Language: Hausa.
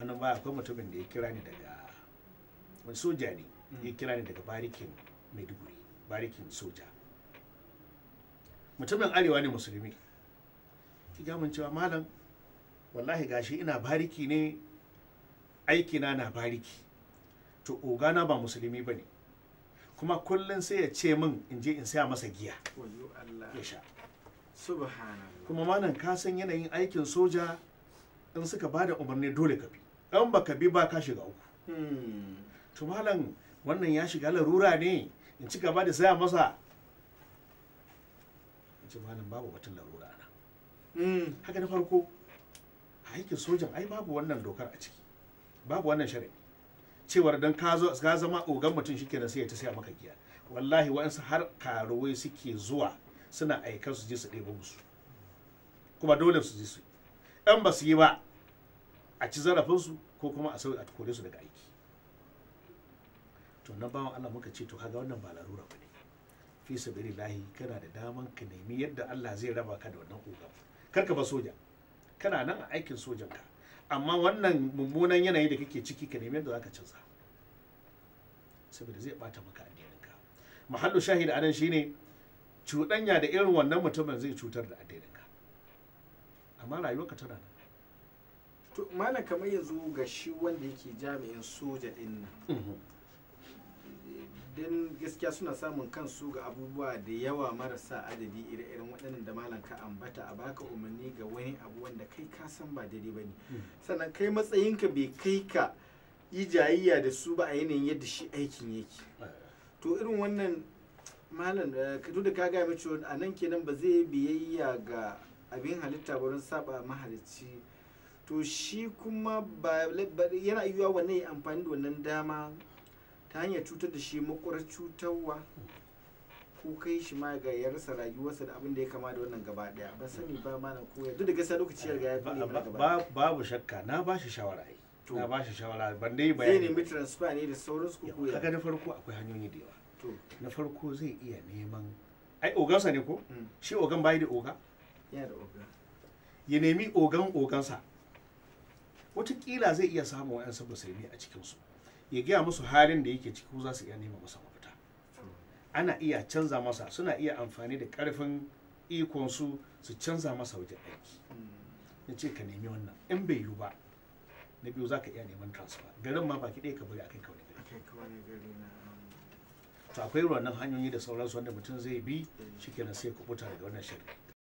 wani ba akwai mutumin da ya kira ni daga wani soja ne ya kira ni daga barikin maiduguri barikin soja mutumin arewa ne musulmi ki mun cewa malam wallahi gashi ina bariki ne aikina na bariki to ogana ba musulmi ba ne kuma kullum sai ya ce min in je in saya masa giya ya sha kuma malam ka san yanayin aikin soja in suka bada umarni dole ka bi ɗan baka bi ba ka shiga uku hmm. to malam wannan ya shiga larura ne in ci gaba da saya masa in ci malam babu batun larura na hmm. haka na farko a aikin sojan ai babu wannan dokar a ciki babu wannan shari'a cewar dan ka zama ogan mutum shi kenan sai ya ta saya maka giya wallahi wa'ansu har karuwai suke zuwa suna aikar su je su ɗebo musu kuma dole su je su ɗan ba su yi ba a ci zarafinsu ko kuma a sauya a kore su daga aiki to na bawan Allah muka ce to kaga wannan ba larura ba ne fi sabilillahi kana da daman ka nemi yadda Allah zai raba ka da wannan Kar ka ba soja kana nan a aikin sojan ka amma wannan mummunan yanayi da kake ciki ka nemi yadda zaka canza saboda zai bata maka addinin ka mahallu shahid anan shine cudanya da irin wannan mutumin zai cutar da addinin ka amma rayuwarka tana nan to malam kamar yanzu ga shi wanda yake jami'in soja din nan mhm. din gaskiya suna samun kansu ga abubuwa da yawa marasa adadi ire-iren waɗannan da malam ka ambata a baka umarni ga wani abu wanda kai ka san ba daidai ba ne mhm. sannan kai matsayinka bai kai ka yi jayayya da su ba a yanayin yadda shi aikin yake to irin wannan malam eh, duk da ka gaya mace a nan kenan ba zai biyayya ga abin halitta wurin saba mahalicci to shi kuma ba yana yiwuwa wannan ya amfani da wannan dama ta hanyar cutar da shi makwarar cutarwa ko kai shi ma ga ya rasa rayuwarsa da abin da ya kama da wannan gaba daya ba sani ba ma na koya duk da gasa lokaci ya ga ya fi gaba babu shakka na ba shi shawara na ba shi shawara ban dai bayani zai nemi transfer ne da sauran su koya kaga na farko akwai hanyoyi da yawa na farko zai iya neman ai ogansa ne ko mm. shi ogan bai da oga yana da oga ya nemi ogan ogansa watakila zai iya samun wa'yansu musulmi a cikinsu ya gaya musu halin da yake ciki za su iya nema masa mafita ana iya canza masa suna iya amfani da karfin ikonsu su canza masa wajen aiki na ce ka nemi wannan in bai yiwu ba na biyu za ka iya neman transfer garin ma baki ɗaya ka bari a kai kawai gari to akwai wannan hanyoyi da sauransu wanda mutum zai bi shi kenan sai kubuta daga wannan shari'a